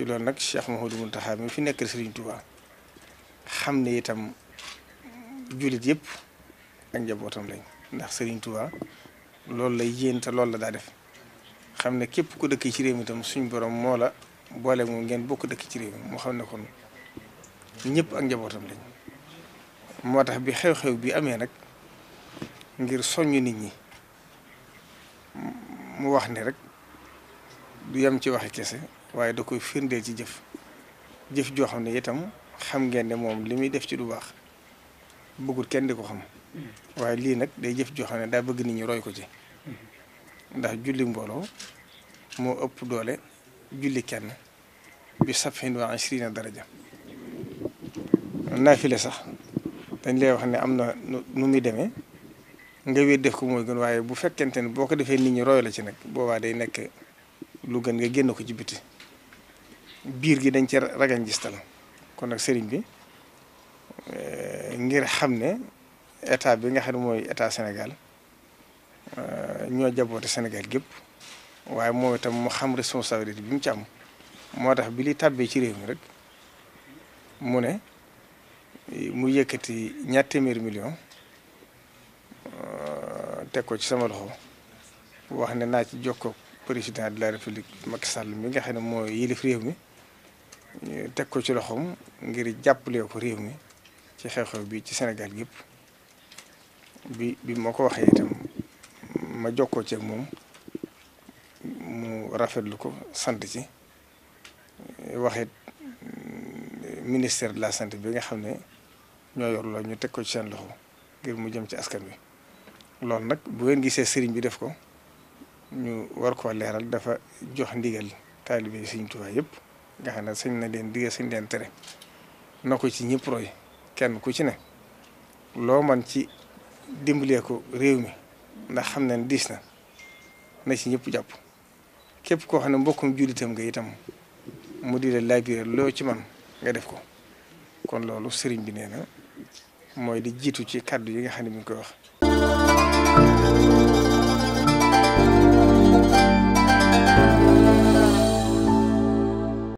ci loolu nag Cheikh Mouhamadou Mountakha mi fi nekk Serigne Touba xam ne itam jullit yëpp ak njabootam lañ ndax sëriñ Touba loolu lay yéen te loolu la daa def xam ne képp ku dëkk ci réew mi tam suñu borom moo la boole moom ngeen bokk dëkk ci réew mi moo xam ne kon ñëpp ak njabootam lañ moo tax bi xew-xew bi amee nag ngir soññ nit ñi mu wax ni rek du yem ci waxe kese. waaye da koy firndeel ci jëf jëf joo xam ne itam xam ngeen ne moom li muy def ci du baax bëggul kenn di ko xam waaye lii nag day jëf joo xam ne daa bëgg nit ñi roy ko ci ndax julli mbooloo moo ëpp doole julli kenn bi sapin wa ashrina daraja naafile sax dañ lay wax ne am na nu muy deme nga wéet def ko mooy gën waaye bu fekkente ne boo ko defee nit ñi roy la ci nag boobaa day nekk lu gën nga génn ko ci biti biir gi dañ ci ragal ngistal kon nag sëriñ bi eh, ngir xam ne état bi nga xam ne mooy état Sénégal eh, ñoo jaboote Sénégal gépp waaye moom itam mu xam responsabilité bi mu ci am moo tax bi li tàbbee ci réew mi rek mu ne mu yëkkati ñaar million eh, teg ko ci sama loxo wax ne naa ci jokkoo président de la république Macky Sall mi nga xam ne mooy yilif réew mi teg ko ci loxoom ngir jàppale ko réew mi ci xew-xew bi ci senegal yëpp bi bi moo ko waxee itam ma jokkoo ci ak moom mu rafetlu ko sant ci waxit mm, ministère de la sant bi nga xam ne ñoo yor la ñu teg ko ci seen loxoom ngir mu jëm ci askan wi loolu nag bu ngeen gisee sëriñ bi def ko ñu war koo leeral dafa jox ndigal taalibe Sëriñ Tuubaa yëpp. nga xam ne sañ na leen digee sañ leen tere na ko ci ñëpp roy kenn ku ci ne loo man ci dimbalee ko réew mi ndax xam ne diis na na ci ñëpp jàpp képp ko xam ne mbokkum jullitam nga itam mu di la laabiré loo ci man nga def ko kon loolu sëriñ bi nee na mooy di jiitu ci kàddu yi nga xam ne mi ngi koy wax